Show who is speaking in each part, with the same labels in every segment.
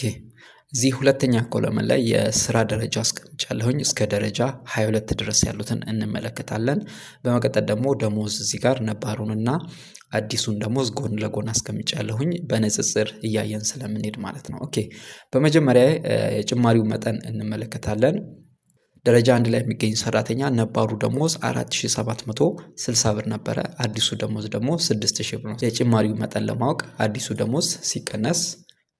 Speaker 1: ኦኬ እዚህ ሁለተኛ ኮለምን ላይ የስራ ደረጃ አስቀምጫለሁኝ። እስከ ደረጃ 22 ድረስ ያሉትን እንመለከታለን። በመቀጠል ደግሞ ደሞዝ እዚህ ጋር ነባሩንና አዲሱን ደሞዝ ጎን ለጎን አስቀምጫለሁኝ በንጽጽር እያየን ስለምንሄድ ማለት ነው። ኦኬ በመጀመሪያ የጭማሪው መጠን እንመለከታለን። ደረጃ አንድ ላይ የሚገኝ ሰራተኛ ነባሩ ደሞዝ 4760 ብር ነበረ። አዲሱ ደሞዝ ደግሞ 6000 ብር ነው። የጭማሪው መጠን ለማወቅ አዲሱ ደሞዝ ሲቀነስ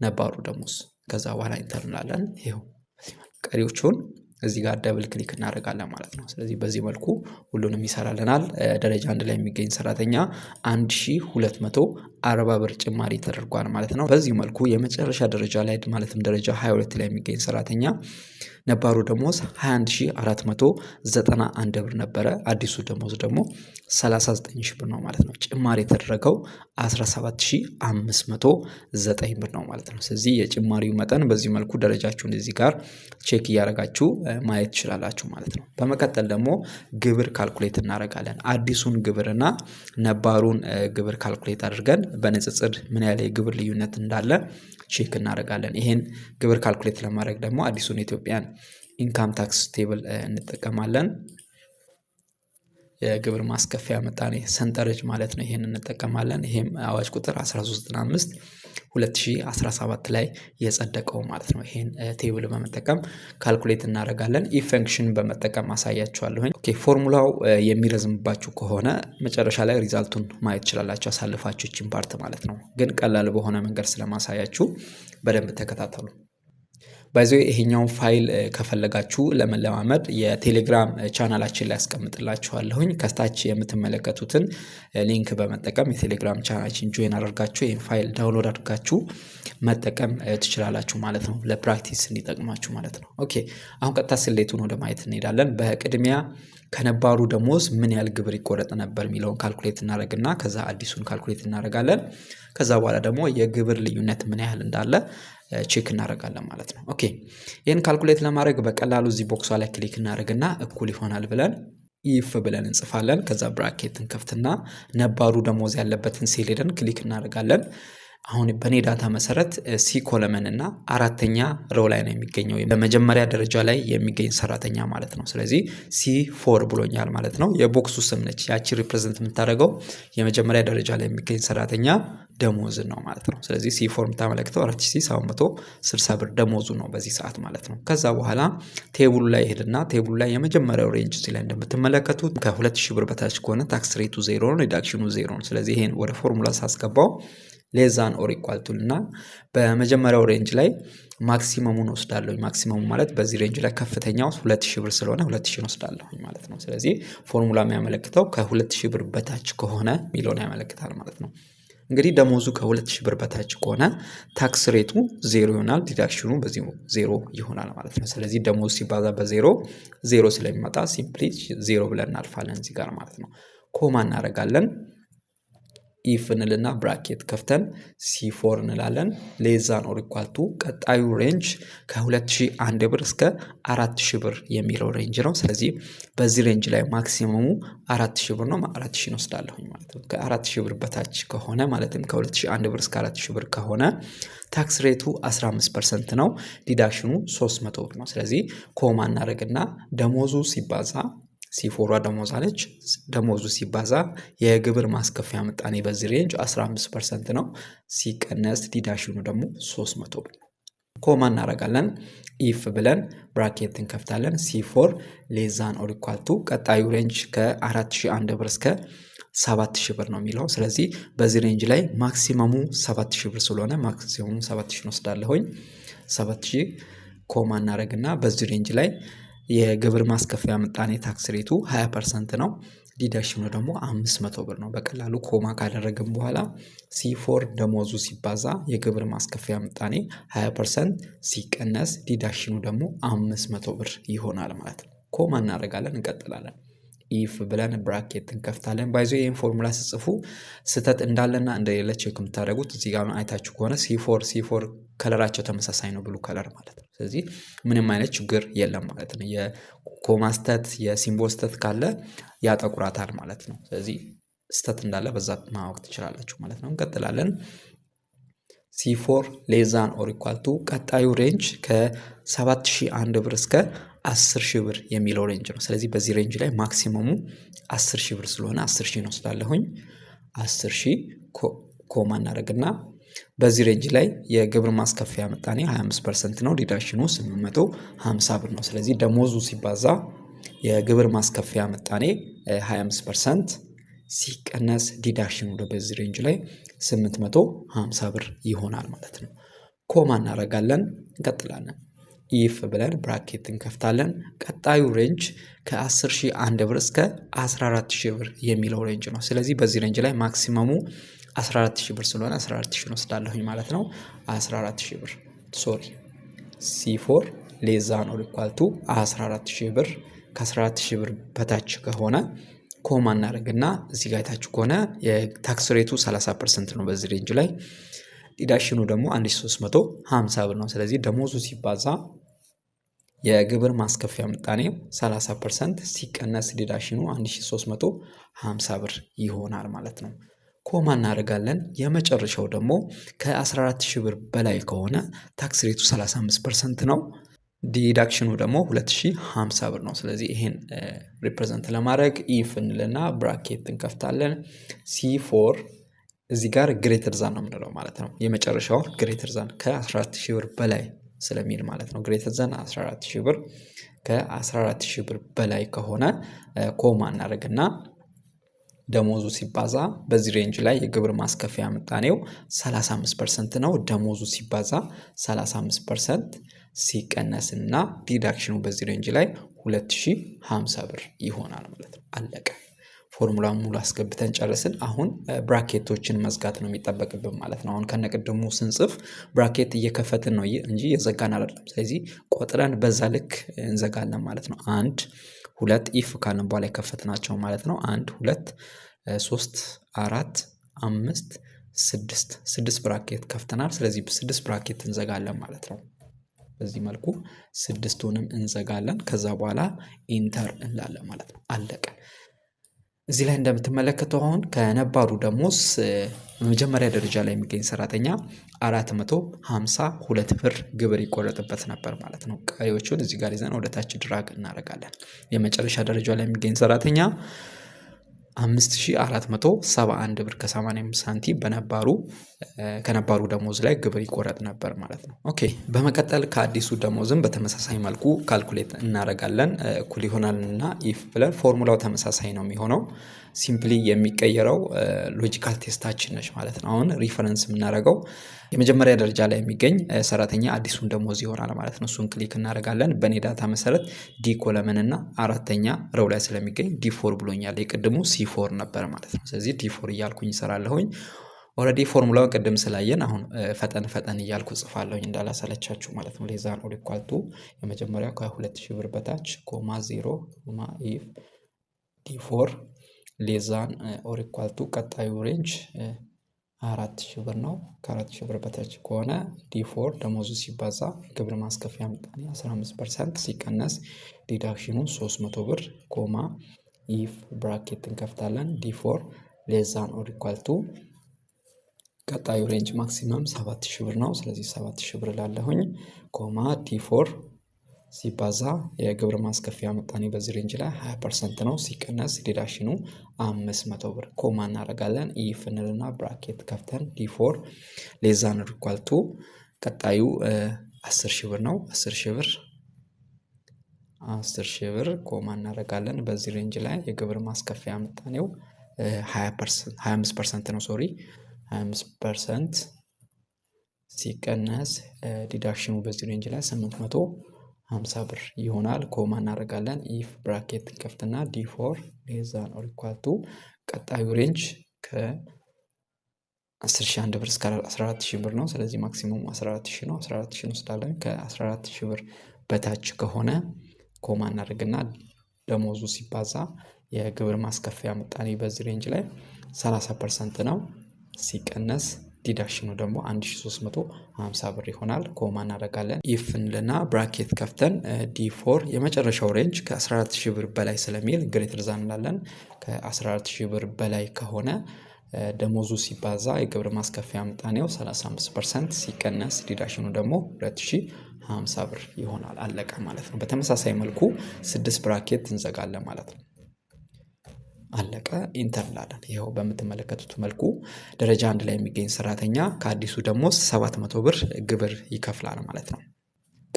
Speaker 1: ነባሩ ደሞዝ ከዛ በኋላ ኢንተር እንላለን። ይኸው ቀሪዎቹን እዚህ ጋር ደብል ክሊክ እናደርጋለን ማለት ነው። ስለዚህ በዚህ መልኩ ሁሉንም ይሰራልናል። ደረጃ አንድ ላይ የሚገኝ ሰራተኛ 1240 ብር ጭማሪ ተደርጓል ማለት ነው። በዚህ መልኩ የመጨረሻ ደረጃ ላይ ማለትም ደረጃ 22 ላይ የሚገኝ ሰራተኛ ነባሩ ደሞዝ 21491 ብር ነበረ። አዲሱ ደሞዝ ደግሞ 39000 ብር ነው ማለት ነው። ጭማሪ የተደረገው 17509 ብር ነው ማለት ነው። ስለዚህ የጭማሪው መጠን በዚህ መልኩ ደረጃችሁን እዚህ ጋር ቼክ እያደረጋችሁ ማየት ትችላላችሁ ማለት ነው። በመቀጠል ደግሞ ግብር ካልኩሌት እናደርጋለን። አዲሱን ግብርና ነባሩን ግብር ካልኩሌት አድርገን በንጽጽር ምን ያለ የግብር ልዩነት እንዳለ ቼክ እናደርጋለን። ይሄን ግብር ካልኩሌት ለማድረግ ደግሞ አዲሱን ኢትዮጵያን ኢንካም ታክስ ቴብል እንጠቀማለን። የግብር ማስከፊያ ምጣኔ ሰንጠረዥ ማለት ነው። ይሄን እንጠቀማለን። ይሄም አዋጅ ቁጥር 1395 2017 ላይ የጸደቀው ማለት ነው። ይሄን ቴብል በመጠቀም ካልኩሌት እናደርጋለን። ኢፍ ፈንክሽን በመጠቀም አሳያችኋለሁኝ። ኦኬ ፎርሙላው የሚረዝምባችሁ ከሆነ መጨረሻ ላይ ሪዛልቱን ማየት ትችላላችሁ፣ አሳልፋችሁ ይችን ፓርት ማለት ነው። ግን ቀላል በሆነ መንገድ ስለማሳያችሁ በደንብ ተከታተሉ። በዚ ይሄኛውን ፋይል ከፈለጋችሁ ለመለማመድ የቴሌግራም ቻናላችን ላይ ያስቀምጥላችኋለሁኝ። ከስታች የምትመለከቱትን ሊንክ በመጠቀም የቴሌግራም ቻናላችን ጆይን አድርጋችሁ ይህን ፋይል ዳውንሎድ አድርጋችሁ መጠቀም ትችላላችሁ ማለት ነው። ለፕራክቲስ እንዲጠቅማችሁ ማለት ነው። ኦኬ አሁን ቀጥታ ስሌቱን ወደ ማየት እንሄዳለን። በቅድሚያ ከነባሩ ደሞዝ ምን ያህል ግብር ይቆረጥ ነበር የሚለውን ካልኩሌት እናደረግና ከዛ አዲሱን ካልኩሌት እናደረጋለን። ከዛ በኋላ ደግሞ የግብር ልዩነት ምን ያህል እንዳለ ቼክ እናደርጋለን ማለት ነው። ኦኬ ይህን ካልኩሌት ለማድረግ በቀላሉ እዚህ ቦክሷ ላይ ክሊክ እናደርግና እኩል ይሆናል ብለን ኢፍ ብለን እንጽፋለን። ከዛ ብራኬትን ከፍትና ነባሩ ደሞዝ ያለበትን ሴል ሄደን ክሊክ እናደርጋለን። አሁን በእኔ ዳታ መሰረት ሲ ኮለመን እና አራተኛ ሮው ላይ ነው የሚገኘው በመጀመሪያ ደረጃ ላይ የሚገኝ ሰራተኛ ማለት ነው። ስለዚህ ሲ ፎር ብሎኛል ማለት ነው። የቦክሱ ስም ነች ያቺ ሪፕሬዘንት የምታደርገው የመጀመሪያ ደረጃ ላይ የሚገኝ ሰራተኛ ደሞዝን ነው ማለት ነው። ስለዚህ ሲ ፎር የምታመለክተው አራት ሺህ ሰባት መቶ ስልሳ ብር ደሞዙ ነው በዚህ ሰዓት ማለት ነው። ከዛ በኋላ ቴብሉ ላይ ሄድና ቴብሉ ላይ የመጀመሪያው ሬንጅ እዚህ ላይ እንደምትመለከቱት ከሁለት ሺህ ብር በታች ከሆነ ታክስ ሬቱ ዜሮ ነው፣ ዲዳክሽኑ ዜሮ ነው። ስለዚህ ይሄን ወደ ፎርሙላ ሳስገባው ሌዛን ኦር ኢኳልቱል እና በመጀመሪያው ሬንጅ ላይ ማክሲመሙን ወስዳለሁ። ማክሲመሙ ማለት በዚህ ሬንጅ ላይ ከፍተኛው ሁለት ሺህ ብር ስለሆነ ሁለት ሺህን ወስዳለሁኝ ማለት ነው። ስለዚህ ፎርሙላ የሚያመለክተው ከሁለት ሺህ ብር በታች ከሆነ ሚሊዮን ያመለክታል ማለት ነው። እንግዲህ ደሞዙ ከሁለት ሺህ ብር በታች ከሆነ ታክስ ሬቱ ዜሮ ይሆናል። ዲዳክሽኑ በዚህ ዜሮ ይሆናል ማለት ነው። ስለዚህ ደሞዝ ሲባዛ በዜሮ ዜሮ ስለሚመጣ ሲምፕሊ ዜሮ ብለን እናልፋለን እዚህ ጋር ማለት ነው። ኮማ እናደርጋለን። ኢፍ እንልና ብራኬት ከፍተን ሲፎር እንላለን። ሌዛ ኖር ኢኳልቱ ቀጣዩ ሬንጅ ከ2001 ብር እስከ 4000 ብር የሚለው ሬንጅ ነው። ስለዚህ በዚህ ሬንጅ ላይ ማክሲመሙ 4000 ብር ነው። 4000 እንወስዳለሁኝ ማለት ነው። ከ4000 ብር በታች ከሆነ ማለትም ከ2001 ብር እስከ 4000 ብር ከሆነ ታክስ ሬቱ 15 ፐርሰንት ነው። ዲዳክሽኑ 300 ብር ነው። ስለዚህ ኮማ እናደርግና ደሞዙ ሲባዛ ሲፎሯ ደሞዝ አለች። ደሞዙ ሲባዛ የግብር ማስከፊያ ምጣኔ በዚህ ሬንጅ 15 ፐርሰንት ነው። ሲቀነስ ዲዳሽኑ ደግሞ 300 ብር። ኮማ እናደርጋለን። ኢፍ ብለን ብራኬት እንከፍታለን። ሲፎር ሌዛን ኦሪኳልቱ ቀጣዩ ሬንጅ ከ4001 ብር እስከ 7000 ብር ነው የሚለው። ስለዚህ በዚህ ሬንጅ ላይ ማክሲመሙ 7000 ብር ስለሆነ ማክሲመሙ 7000 እንወስዳለሁኝ። 7000 ኮማ እናደርግና በዚህ ሬንጅ ላይ የግብር ማስከፊያ ምጣኔ ታክስ ሬቱ 20 ፐርሰንት ነው። ዲዳሽኑ ደግሞ 500 ብር ነው። በቀላሉ ኮማ ካደረግን በኋላ ሲፎር ደሞዙ ሲባዛ የግብር ማስከፊያ ምጣኔ 20 ፐርሰንት ሲቀነስ ዲዳሽኑ ደግሞ 500 ብር ይሆናል ማለት ነው። ኮማ እናደርጋለን፣ እንቀጥላለን። ኢፍ ብለን ብራኬት እንከፍታለን። ባይዞ ይህን ፎርሙላ ስጽፉ ስህተት እንዳለና እንደሌለ ቼክ የምታደረጉት እዚህ ጋር አይታችሁ ከሆነ ሲፎር ሲፎር ከለራቸው ተመሳሳይ ነው ብሉ ከለር ማለት ነው። ስለዚህ ምንም አይነት ችግር የለም ማለት ነው። የኮማ ስተት የሲምቦል ስተት ካለ ያጠቁራታል ማለት ነው። ስለዚህ ስተት እንዳለ በዛ ማወቅ ትችላላችሁ ማለት ነው። እንቀጥላለን። ሲፎር ሌዛን ኦር ኢኳል ቱ ቀጣዩ ሬንጅ ከ7001 ብር እስከ 10000 ብር የሚለው ሬንጅ ነው። ስለዚህ በዚህ ሬንጅ ላይ ማክሲመሙ 10000 ብር ስለሆነ 10000 ነው ስላለሁኝ 10000 ኮማ እናደርግና በዚህ ሬንጅ ላይ የግብር ማስከፈያ ምጣኔ 25 ፐርሰንት ነው። ዲዳሽኑ 850 ብር ነው። ስለዚህ ደሞዙ ሲባዛ የግብር ማስከፈያ ምጣኔ 25 ፐርሰንት ሲቀነስ ዲዳሽኑ በዚህ ሬንጅ ላይ 850 ብር ይሆናል ማለት ነው። ኮማ እናደርጋለን፣ እንቀጥላለን። ኢፍ ብለን ብራኬት እንከፍታለን። ቀጣዩ ሬንጅ ከ10,001 ብር እስከ 14,000 ብር የሚለው ሬንጅ ነው። ስለዚህ በዚህ ሬንጅ ላይ ማክሲመሙ 14 ሺህ ብር ስለሆነ 14 ሺህ እንወስዳለሁኝ ማለት ነው። 14 ብር ሶሪ፣ ሲፎር ሌዛ ኖር ኢኳል ቱ 14 ብር። ከ14 ብር በታች ከሆነ ኮማ እናደርግና እዚህ ጋር የታች ከሆነ የታክስ ሬቱ 30 ፐርሰንት ነው። በዚህ ሬንጅ ላይ ዲዳሽኑ ደግሞ 1350 ብር ነው። ስለዚህ ደሞዙ ሲባዛ የግብር ማስከፊያ ምጣኔ 30 ፐርሰንት ሲቀነስ ዲዳሽኑ 1350 ብር ይሆናል ማለት ነው። ኮማ እናደርጋለን። የመጨረሻው ደግሞ ከ14 ሺህ ብር በላይ ከሆነ ታክስ ሬቱ 35 ፐርሰንት ነው። ዲዳክሽኑ ደግሞ 2050 ብር ነው። ስለዚህ ይሄን ሪፕሬዘንት ለማድረግ ኢፍ እንልና ብራኬት እንከፍታለን። ሲፎር እዚህ ጋር ግሬተር ዛን ነው የምንለው ማለት ነው። የመጨረሻው ግሬተር ዛን ከ14 ሺህ ብር በላይ ስለሚል ማለት ነው። ግሬተር ዛን 14 ሺህ ብር ከ14 ሺህ ብር በላይ ከሆነ ኮማ እናደርግና ደሞዙ ሲባዛ በዚህ ሬንጅ ላይ የግብር ማስከፊያ ምጣኔው 35 ፐርሰንት ነው። ደሞዙ ሲባዛ 35 ፐርሰንት ሲቀነስ እና ዲዳክሽኑ በዚህ ሬንጅ ላይ 2050 ብር ይሆናል ማለት ነው። አለቀ። ፎርሙላ ሙሉ አስገብተን ጨርስን። አሁን ብራኬቶችን መዝጋት ነው የሚጠበቅብን ማለት ነው። አሁን ከነቅድሙ ስንጽፍ ብራኬት እየከፈትን ነው እንጂ የዘጋን አይደለም። ስለዚህ ቆጥረን በዛ ልክ እንዘጋለን ማለት ነው። አንድ ሁለት ኢፍ ካልን በኋላ የከፈትናቸው ማለት ነው። አንድ ሁለት ሶስት አራት አምስት ስድስት ስድስት ብራኬት ከፍተናል። ስለዚህ ስድስት ብራኬት እንዘጋለን ማለት ነው። በዚህ መልኩ ስድስቱንም እንዘጋለን። ከዛ በኋላ ኢንተር እንላለን ማለት ነው። አለቀ። እዚህ ላይ እንደምትመለከተው አሁን ከነባሩ ደሞዝ መጀመሪያ ደረጃ ላይ የሚገኝ ሰራተኛ አራት መቶ ሀምሳ ሁለት ብር ግብር ይቆረጥበት ነበር ማለት ነው። ቀሪዎቹን እዚህ ጋር ይዘን ወደታች ድራግ እናደርጋለን። የመጨረሻ ደረጃ ላይ የሚገኝ ሰራተኛ 5471 ብር ከ85 ሳንቲም በነባሩ ከነባሩ ደሞዝ ላይ ግብር ይቆረጥ ነበር ማለት ነው። ኦኬ በመቀጠል ከአዲሱ ደሞዝም በተመሳሳይ መልኩ ካልኩሌት እናደርጋለን እኩል ይሆናልና ኢፍ ብለን ፎርሙላው ተመሳሳይ ነው የሚሆነው ሲምፕሊ የሚቀየረው ሎጂካል ቴስታችን ነች ማለት ነው። አሁን ሪፈረንስ የምናደርገው የመጀመሪያ ደረጃ ላይ የሚገኝ ሰራተኛ አዲሱን ደሞዝ ይሆናል ማለት ነው። እሱን ክሊክ እናደርጋለን። በእኔ ዳታ መሰረት ዲ ኮለመን እና አራተኛ ረው ላይ ስለሚገኝ ዲ ፎር ብሎኛል። የቅድሙ ሲ ፎር ነበር ማለት ነው። ስለዚህ ዲ ፎር እያልኩኝ ይሰራለሁኝ። ኦልሬዲ ፎርሙላውን ቅድም ስላየን አሁን ፈጠን ፈጠን እያልኩ ጽፋለሁኝ እንዳላሰለቻችሁ ማለት ነው። ሌዛ ነው ሪኳልቱ የመጀመሪያው ከሁለት ሺህ ብር በታች ኮማ ዜሮ ኮማ ኢፍ ዲ ፎር ሌዛን ኦር ኢኳል ቱ ቀጣዩ ሬንጅ አራት ሺህ ብር ነው። ከአራት ሺህ ብር በታች ከሆነ ዲፎር ደሞዙ ሲባዛ ግብር ማስከፊያ ምጣኔ 15 ፐርሰንት ሲቀነስ ዲዳክሽኑ 300 ብር ኮማ ኢፍ ብራኬት እንከፍታለን ዲፎር ሌዛን ኦር ኢኳል ቱ ቀጣዩ ሬንጅ ማክሲመም 7000 ብር ነው። ስለዚህ 7000 ብር ላለሁኝ ኮማ ዲፎር ሲባዛ የግብር ማስከፊያ ምጣኔ በዚህ ሬንጅ ላይ 20 ፐርሰንት ነው። ሲቀነስ ዲዳሽኑ 500 መቶ ብር ኮማ እናደርጋለን። ኢፍ እንልና ብራኬት ከፍተን ዲፎር ሌዛን ሪኳልቱ ቀጣዩ 10 ሺህ ብር ነው። 10 ሺህ ብር አስር ሺህ ብር ኮማ እናደርጋለን። በዚህ ሬንጅ ላይ የግብር ማስከፊያ ምጣኔው 25 ፐርሰንት ነው። ሶሪ 25 ፐርሰንት ሲቀነስ ዲዳክሽኑ በዚህ ሬንጅ ላይ 800 50 ብር ይሆናል። ኮማ እናደርጋለን። ኢፍ ብራኬት ከፍትና ዲ ፎር ቤዛን ኦሪኳቱ ቀጣዩ ሬንጅ ከ10 ብር እስከ 14 ሺህ ብር ነው። ስለዚህ ማክሲሙም 14 ነው። 14 ሺህ እንወስዳለን። ከ14 ብር በታች ከሆነ ኮማ እናደርግና ደሞዙ ሲባዛ የግብር ማስከፊያ ምጣኔ በዚህ ሬንጅ ላይ 30 ፐርሰንት ነው ሲቀነስ ዲዳሽኑ ደግሞ 1350 ብር ይሆናል። ኮማ እናደርጋለን። ኢፍ እንልና ብራኬት ከፍተን ዲ4 የመጨረሻው ሬንጅ ከ14000 ብር በላይ ስለሚል ግሬተር ዛን እንላለን። ከ14000 ብር በላይ ከሆነ ደሞዙ ሲባዛ የግብር ማስከፊያ ምጣኔው 35 ፐርሰንት ሲቀነስ ዲዳሽኑ ደግሞ 2050 ብር ይሆናል። አለቀ ማለት ነው። በተመሳሳይ መልኩ ስድስት ብራኬት እንዘጋለን ማለት ነው። አለቀ ኢንተር እንላለን። ይኸው በምትመለከቱት መልኩ ደረጃ አንድ ላይ የሚገኝ ሰራተኛ ከአዲሱ ደግሞ ሰባት መቶ ብር ግብር ይከፍላል ማለት ነው።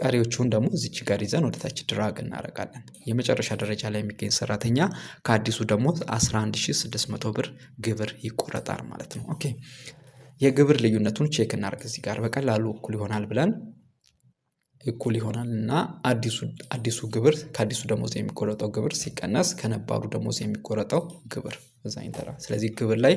Speaker 1: ቀሪዎቹን ደግሞ እዚች ጋር ይዘን ወደታች ድራግ እናደርጋለን። የመጨረሻ ደረጃ ላይ የሚገኝ ሰራተኛ ከአዲሱ ደግሞ 11600 ብር ግብር ይቆረጣል ማለት ነው። ኦኬ የግብር ልዩነቱን ቼክ እናደርግ እዚህ ጋር በቀላሉ እኩል ይሆናል ብለን እኩል ይሆናል እና አዲሱ ግብር ከአዲሱ ደሞዝ የሚቆረጠው ግብር ሲቀነስ ከነባሩ ደሞዝ የሚቆረጠው ግብር እዛ ይንተራ። ስለዚህ ግብር ላይ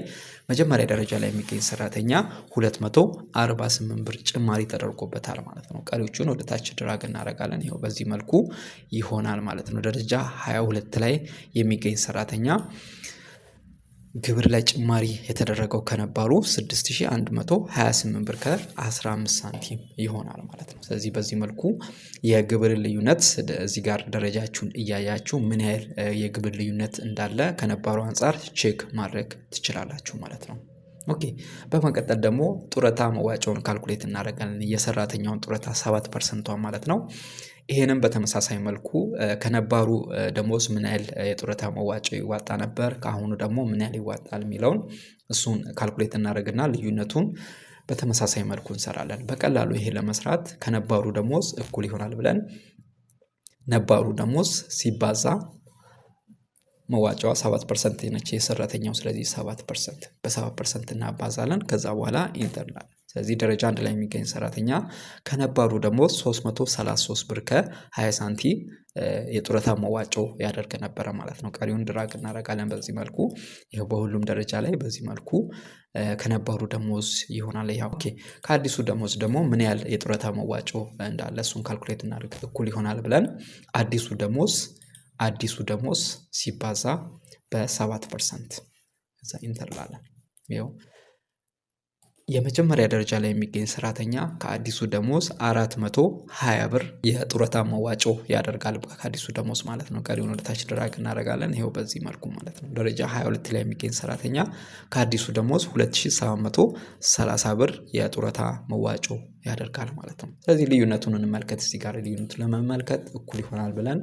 Speaker 1: መጀመሪያ ደረጃ ላይ የሚገኝ ሰራተኛ 248 ብር ጭማሪ ተደርጎበታል ማለት ነው። ቀሪዎቹን ወደ ታች ድራግ እናደርጋለን። ይኸው በዚህ መልኩ ይሆናል ማለት ነው። ደረጃ 22 ላይ የሚገኝ ሰራተኛ ግብር ላይ ጭማሪ የተደረገው ከነባሩ 6128 ብር ከ15 ሳንቲም ይሆናል ማለት ነው። ስለዚህ በዚህ መልኩ የግብር ልዩነት እዚህ ጋር ደረጃችሁን እያያችሁ ምን ያህል የግብር ልዩነት እንዳለ ከነባሩ አንጻር ቼክ ማድረግ ትችላላችሁ ማለት ነው። ኦኬ በመቀጠል ደግሞ ጡረታ መዋጮውን ካልኩሌት እናደርጋለን። የሰራተኛውን ጡረታ 7 ፐርሰንቷን ማለት ነው ይሄንም በተመሳሳይ መልኩ ከነባሩ ደሞዝ ምን ያህል የጡረታ መዋጮ ይዋጣ ነበር ከአሁኑ ደግሞ ምን ያህል ይዋጣል የሚለውን እሱን ካልኩሌት እናደርግና ልዩነቱን በተመሳሳይ መልኩ እንሰራለን። በቀላሉ ይሄ ለመስራት ከነባሩ ደሞዝ እኩል ይሆናል ብለን ነባሩ ደሞዝ ሲባዛ መዋጫዋ 7 ፐርሰንት ነች የሰራተኛው። ስለዚህ 7 ፐርሰንት በ7 ፐርሰንት እናባዛለን። ከዛ በኋላ ኢንተርናል ስለዚህ ደረጃ አንድ ላይ የሚገኝ ሰራተኛ ከነባሩ ደግሞ 333 ብር ከ20 ሳንቲ የጡረታ መዋጮ ያደርግ ነበረ ማለት ነው። ቀሪውን ድራግ እናደርጋለን በዚህ መልኩ። ይኸው በሁሉም ደረጃ ላይ በዚህ መልኩ ከነባሩ ደሞዝ ይሆናል። ይኸው ኦኬ። ከአዲሱ ደሞዝ ደግሞ ምን ያህል የጡረታ መዋጮ እንዳለ እሱን ካልኩሌት እናደርግ እኩል ይሆናል ብለን አዲሱ ደሞዝ አዲሱ ደሞዝ ሲባዛ በሰባት ፐርሰንት እዛ ኢንተር ላለን ይኸው የመጀመሪያ ደረጃ ላይ የሚገኝ ሰራተኛ ከአዲሱ ደሞዝ አራት መቶ ሀያ ብር የጡረታ መዋጮ ያደርጋል። ከአዲሱ ደሞዝ ማለት ነው። ቀሪውን ወደታች ድራግ እናደርጋለን። ይኸው በዚህ መልኩ ማለት ነው። ደረጃ 22 ላይ የሚገኝ ሰራተኛ ከአዲሱ ደሞዝ 2730 ብር የጡረታ መዋጮ ያደርጋል ማለት ነው። ስለዚህ ልዩነቱን እንመልከት። እዚህ ጋር ልዩነቱን ለመመልከት እኩል ይሆናል ብለን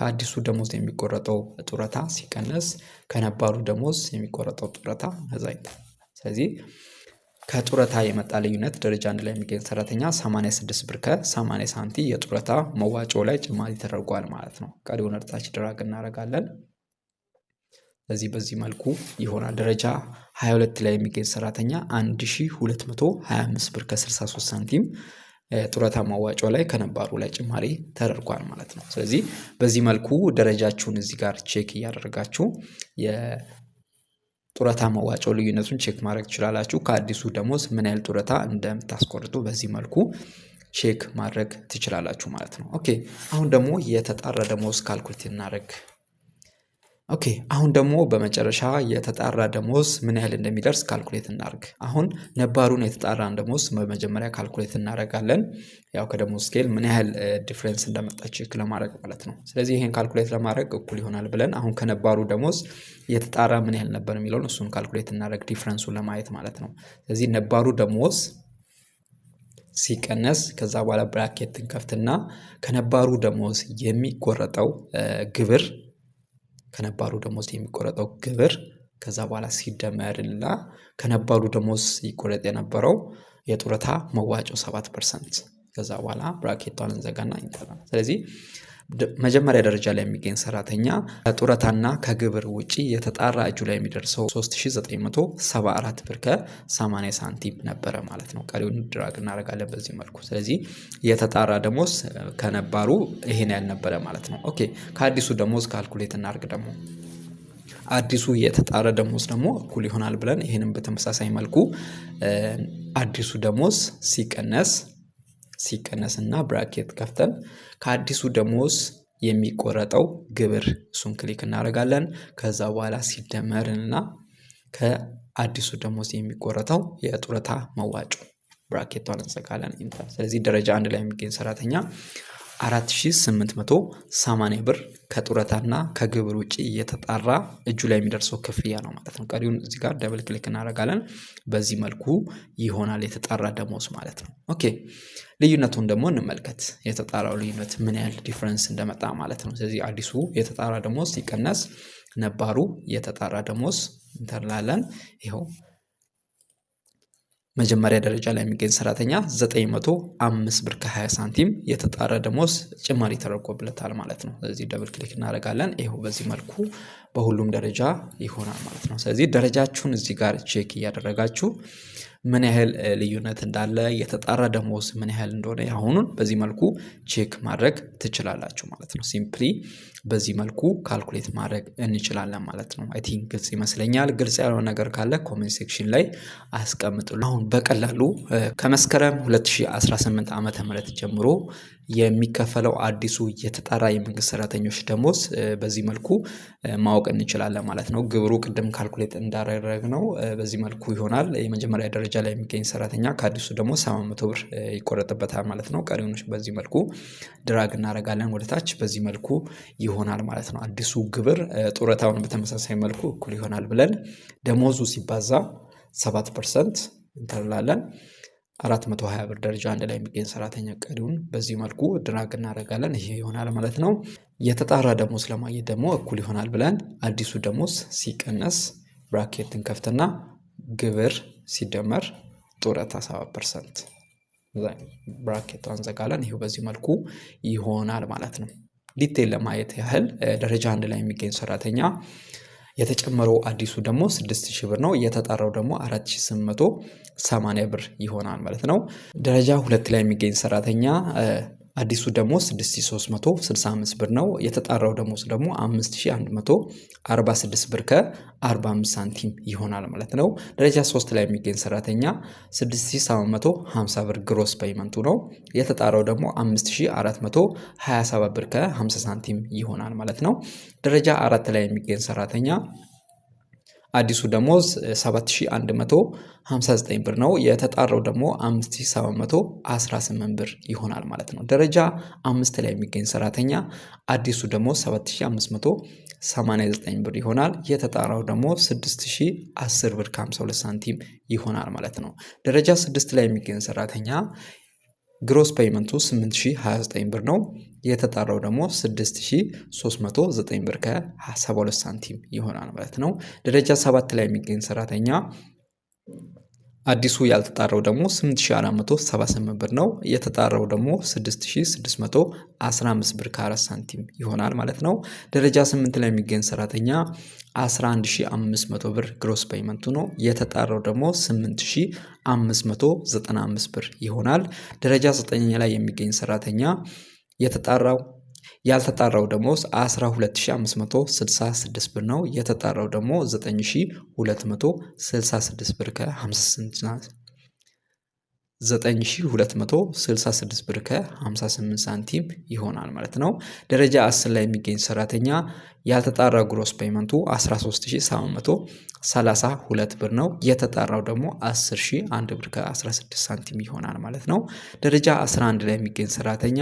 Speaker 1: ከአዲሱ ደሞዝ የሚቆረጠው ጡረታ ሲቀነስ ከነባሩ ደሞዝ የሚቆረጠው ጡረታ ከዛ ስለዚህ ከጡረታ የመጣ ልዩነት ደረጃ አንድ ላይ የሚገኝ ሰራተኛ 86 ብር ከ80 ሳንቲ የጡረታ መዋጮ ላይ ጭማሪ ተደርጓል ማለት ነው። ቀሪውን እርጣች ድራግ እናደርጋለን። ስለዚህ በዚህ መልኩ ይሆናል። ደረጃ 22 ላይ የሚገኝ ሰራተኛ 1225 ብር ከ63 ሳንቲም ጡረታ መዋጮ ላይ ከነባሩ ላይ ጭማሪ ተደርጓል ማለት ነው። ስለዚህ በዚህ መልኩ ደረጃችሁን እዚህ ጋር ቼክ እያደረጋችሁ ጡረታ መዋጫው ልዩነቱን ቼክ ማድረግ ትችላላችሁ። ከአዲሱ ደሞዝ ምን ያህል ጡረታ እንደምታስቆርጡ በዚህ መልኩ ቼክ ማድረግ ትችላላችሁ ማለት ነው። ኦኬ አሁን ደግሞ የተጣራ ደሞዝ ካልኩሌት እናደርግ። ኦኬ አሁን ደግሞ በመጨረሻ የተጣራ ደሞዝ ምን ያህል እንደሚደርስ ካልኩሌት እናርግ። አሁን ነባሩን የተጣራን ደሞዝ በመጀመሪያ ካልኩሌት እናደርጋለን። ያው ከደሞዝ ስኬል ምን ያህል ዲፍረንስ እንደመጣ ቼክ ለማድረግ ማለት ነው። ስለዚህ ይሄን ካልኩሌት ለማድረግ እኩል ይሆናል ብለን አሁን ከነባሩ ደሞዝ የተጣራ ምን ያህል ነበር የሚለውን እሱን ካልኩሌት እናደረግ ዲፍረንሱን ለማየት ማለት ነው። ስለዚህ ነባሩ ደሞዝ ሲቀነስ ከዛ በኋላ ብራኬትን ከፍትና ከነባሩ ደሞዝ የሚቆረጠው ግብር ከነባሩ ደሞዝ የሚቆረጠው ግብር ከዛ በኋላ ሲደመርና ከነባሩ ደሞዝ ይቆረጥ የነበረው የጡረታ መዋጮ ሰባት ፐርሰንት ከዛ በኋላ ብራኬቷን እንዘጋና እንጠራ ስለዚህ መጀመሪያ ደረጃ ላይ የሚገኝ ሰራተኛ ከጡረታና ከግብር ውጪ የተጣራ እጁ ላይ የሚደርሰው 3974 ብር ከ80 ሳንቲም ነበረ ማለት ነው። ቀሪውን ድራግ እናደርጋለን በዚህ መልኩ። ስለዚህ የተጣራ ደሞዝ ከነባሩ ይሄን ያልነበረ ማለት ነው። ኦኬ ከአዲሱ ደሞዝ ካልኩሌት እናርግ ደግሞ አዲሱ የተጣራ ደሞዝ ደግሞ እኩል ይሆናል ብለን ይህንም በተመሳሳይ መልኩ አዲሱ ደሞዝ ሲቀነስ ሲቀነስና ብራኬት ከፍተን ከአዲሱ ደሞዝ የሚቆረጠው ግብር እሱን ክሊክ እናደርጋለን። ከዛ በኋላ ሲደመርንና ከአዲሱ ደሞዝ የሚቆረጠው የጡረታ መዋጮ ብራኬቷን እንዘጋለን። ስለዚህ ደረጃ አንድ ላይ የሚገኝ ሰራተኛ 4880 ብር ከጡረታና ከግብር ውጭ እየተጣራ እጁ ላይ የሚደርሰው ክፍያ ነው ማለት ነው። ቀሪውን እዚህ ጋር ደብል ክሊክ እናደርጋለን። በዚህ መልኩ ይሆናል የተጣራ ደሞዝ ማለት ነው። ኦኬ ልዩነቱን ደግሞ እንመልከት። የተጣራው ልዩነት ምን ያህል ዲፍረንስ እንደመጣ ማለት ነው። ስለዚህ አዲሱ የተጣራ ደሞዝ ሲቀነስ ነባሩ የተጣራ ደሞዝ እንተላለን ይኸው መጀመሪያ ደረጃ ላይ የሚገኝ ሰራተኛ 905 ብር ከ20 ሳንቲም የተጣራ ደሞዝ ጭማሪ ተደርጎበታል ማለት ነው። ስለዚህ ደብል ክሊክ እናደርጋለን። ይኸው በዚህ መልኩ በሁሉም ደረጃ ይሆናል ማለት ነው። ስለዚህ ደረጃችሁን እዚህ ጋር ቼክ እያደረጋችሁ ምን ያህል ልዩነት እንዳለ የተጣራ ደሞዝ ምን ያህል እንደሆነ ያሁኑን በዚህ መልኩ ቼክ ማድረግ ትችላላችሁ ማለት ነው። ሲምፕሊ በዚህ መልኩ ካልኩሌት ማድረግ እንችላለን ማለት ነው። አይ ቲንክ ግልጽ ይመስለኛል። ግልጽ ያለው ነገር ካለ ኮሜንት ሴክሽን ላይ አስቀምጡልን። አሁን በቀላሉ ከመስከረም 2018 ዓ ም ጀምሮ የሚከፈለው አዲሱ የተጣራ የመንግስት ሰራተኞች ደሞዝ በዚህ መልኩ ማወቅ እንችላለን ማለት ነው። ግብሩ ቅድም ካልኩሌት እንዳደረግ ነው በዚህ መልኩ ይሆናል። የመጀመሪያ ደረጃ ላይ የሚገኝ ሰራተኛ ከአዲሱ ደግሞ 700 ብር ይቆረጥበታል ማለት ነው። ቀሪውኖች በዚህ መልኩ ድራግ እናደርጋለን ወደታች በዚህ መልኩ ይሆናል ማለት ነው። አዲሱ ግብር ጡረታውን በተመሳሳይ መልኩ እኩል ይሆናል ብለን ደሞዙ ሲባዛ 7 ፐርሰንት እንተላለን 420 ብር ደረጃ አንድ ላይ የሚገኝ ሰራተኛ ቀሪውን በዚህ መልኩ ድራግ እናደርጋለን። ይሄ ይሆናል ማለት ነው። የተጣራ ደሞዝ ለማግኘት ደግሞ እኩል ይሆናል ብለን አዲሱ ደሞዝ ሲቀነስ ብራኬትን ከፍትና ግብር ሲደመር ጡረታ 7 ፐርሰንት ብራኬቷን ዘጋለን። በዚህ መልኩ ይሆናል ማለት ነው። ዲቴል ለማየት ያህል ደረጃ አንድ ላይ የሚገኝ ሰራተኛ የተጨመረው አዲሱ ደግሞ 6000 ብር ነው። የተጣራው ደግሞ 4880 ብር ይሆናል ማለት ነው። ደረጃ ሁለት ላይ የሚገኝ ሰራተኛ አዲሱ ደሞዝ 6365 ብር ነው። የተጣራው ደሞዝ ደግሞ 5146 ብር ከ45 ሳንቲም ይሆናል ማለት ነው። ደረጃ 3 ላይ የሚገኝ ሰራተኛ 6750 ብር ግሮስ ፔይመንቱ ነው። የተጣራው ደግሞ 5427 ብር ከ50 ሳንቲም ይሆናል ማለት ነው። ደረጃ አራት ላይ የሚገኝ ሰራተኛ አዲሱ ደሞዝ 7159 ብር ነው። የተጣራው ደግሞ 5718 ብር ይሆናል ማለት ነው። ደረጃ አምስት ላይ የሚገኝ ሰራተኛ አዲሱ ደሞዝ 7589 ብር ይሆናል። የተጣራው ደግሞ 6010 ብር ከ52 ሳንቲም ይሆናል ማለት ነው። ደረጃ ስድስት ላይ የሚገኝ ሰራተኛ ግሮስ ፔይመንቱ 8029 ብር ነው። የተጣራው ደግሞ 6309 ብር ከ72 ሳንቲም ይሆናል ማለት ነው። ደረጃ ሰባት ላይ የሚገኝ ሰራተኛ አዲሱ ያልተጣራው ደግሞ 8478 ብር ነው። የተጣራው ደግሞ 6615 ብር ከ4 ሳንቲም ይሆናል ማለት ነው። ደረጃ 8 ላይ የሚገኝ ሰራተኛ 11500 ብር ግሮስ ፔይመንቱ ነው። የተጣራው ደግሞ 8595 ብር ይሆናል። ደረጃ 9 ላይ የሚገኝ ሰራተኛ የተጣራው ያልተጣራው ደሞዝ 12566 ብር ነው። የተጣራው ደግሞ 9266 ብር ከ58 9266 ብር ከ58 ሳንቲም ይሆናል ማለት ነው። ደረጃ 10 ላይ የሚገኝ ሰራተኛ ያልተጣራ ግሮስ ፔይመንቱ 13732 ብር ነው። የተጣራው ደግሞ 10001 ብር ከ16 ሳንቲም ይሆናል ማለት ነው። ደረጃ 11 ላይ የሚገኝ ሰራተኛ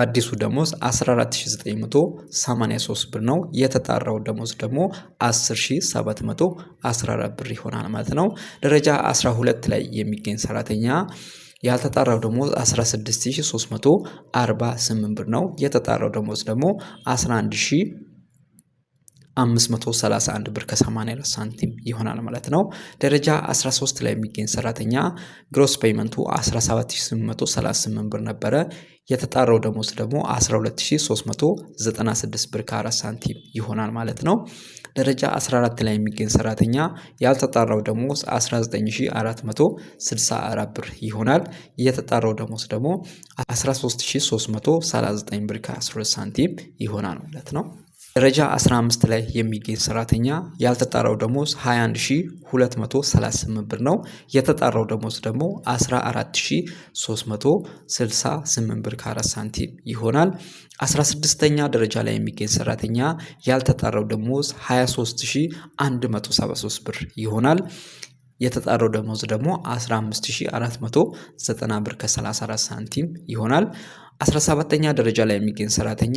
Speaker 1: አዲሱ ደሞዝ 14983 ብር ነው። የተጣራው ደሞዝ ደግሞ 10714 ብር ይሆናል ማለት ነው። ደረጃ 12 ላይ የሚገኝ ሰራተኛ ያልተጣራው ደሞዝ 16348 ብር ነው። የተጣራው ደሞዝ ደግሞ 531 ብር ከ84 ሳንቲም ይሆናል ማለት ነው። ደረጃ 13 ላይ የሚገኝ ሰራተኛ ግሮስ ፔይመንቱ 17838 ብር ነበረ። የተጣራው ደሞዝ ደግሞ 12396 ብር ከ4 ሳንቲም ይሆናል ማለት ነው። ደረጃ 14 ላይ የሚገኝ ሰራተኛ ያልተጣራው ደሞዝ 19464 ብር ይሆናል። የተጣራው ደሞዝ ደግሞ 13339 ብር ከ12 ሳንቲም ይሆናል ማለት ነው። ደረጃ 15 ላይ የሚገኝ ሰራተኛ ያልተጣራው ደሞዝ 21238 ብር ነው። የተጣራው ደሞዝ ደግሞ 14368 ብር ከ4 ሳንቲም ይሆናል። 16ኛ ደረጃ ላይ የሚገኝ ሰራተኛ ያልተጣራው ደሞዝ 23173 ብር ይሆናል። የተጣራው ደሞዝ ደግሞ 15490 ብር ከ34 ሳንቲም ይሆናል። 17ኛ ደረጃ ላይ የሚገኝ ሰራተኛ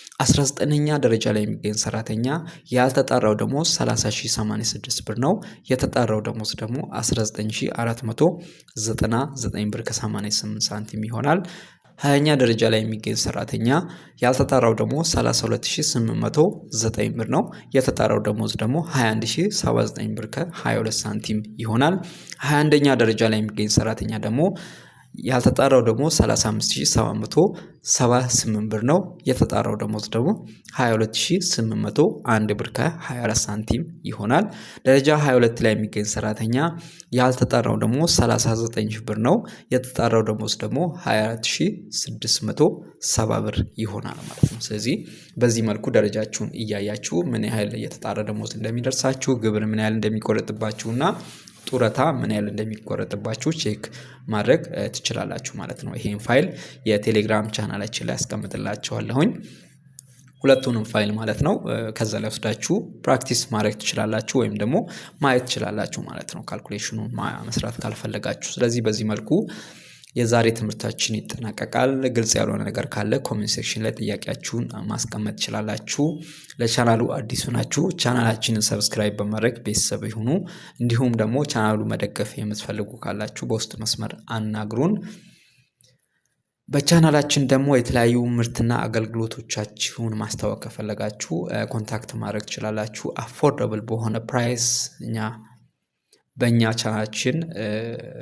Speaker 1: 19ኛ ደረጃ ላይ የሚገኝ ሰራተኛ ያልተጣራው ደሞዝ 3086 ብር ነው። የተጣራው ደሞዝ ደግሞ 19499 ብር ከ88 ሳንቲም ይሆናል። ሀያኛ ደረጃ ላይ የሚገኝ ሰራተኛ ያልተጣራው ደግሞ 32809 ብር ነው። የተጣራው ደሞዝ ደግሞ 21079 ብር ከ22 ሳንቲም ይሆናል። ሀያ አንደኛ ደረጃ ላይ የሚገኝ ሰራተኛ ደግሞ ያልተጣራው ደግሞ 35778 ብር ነው። የተጣራው ደሞዝ ደግሞ 22801 ብር ከ24 ሳንቲም ይሆናል። ደረጃ 22 ላይ የሚገኝ ሰራተኛ ያልተጣራው ደግሞ 39 ብር ነው። የተጣራው ደሞዝ ደግሞ 24670 ብር ይሆናል ማለት ነው። ስለዚህ በዚህ መልኩ ደረጃችሁን እያያችሁ ምን ያህል የተጣራ ደሞዝ እንደሚደርሳችሁ ግብር ምን ያህል እንደሚቆረጥባችሁና ጡረታ ምን ያህል እንደሚቆረጥባችሁ ቼክ ማድረግ ትችላላችሁ ማለት ነው። ይሄን ፋይል የቴሌግራም ቻናላችን ላይ ያስቀምጥላችኋለሁኝ ሁለቱንም ፋይል ማለት ነው። ከዛ ላይ ወስዳችሁ ፕራክቲስ ማድረግ ትችላላችሁ ወይም ደግሞ ማየት ትችላላችሁ ማለት ነው፣ ካልኩሌሽኑን መስራት ካልፈለጋችሁ። ስለዚህ በዚህ መልኩ የዛሬ ትምህርታችን ይጠናቀቃል። ግልጽ ያልሆነ ነገር ካለ ኮሜንት ሴክሽን ላይ ጥያቄያችሁን ማስቀመጥ ትችላላችሁ። ለቻናሉ አዲሱ ናችሁ ቻናላችንን ሰብስክራይብ በማድረግ ቤተሰብ ይሁኑ። እንዲሁም ደግሞ ቻናሉ መደገፍ የምትፈልጉ ካላችሁ በውስጥ መስመር አናግሩን። በቻናላችን ደግሞ የተለያዩ ምርትና አገልግሎቶቻችሁን ማስታወቅ ከፈለጋችሁ ኮንታክት ማድረግ ትችላላችሁ። አፎርደብል በሆነ ፕራይስ እኛ በእኛ ቻናችን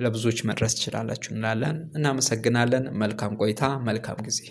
Speaker 1: ለብዙዎች መድረስ ትችላላችሁ እንላለን። እናመሰግናለን። መልካም ቆይታ፣ መልካም ጊዜ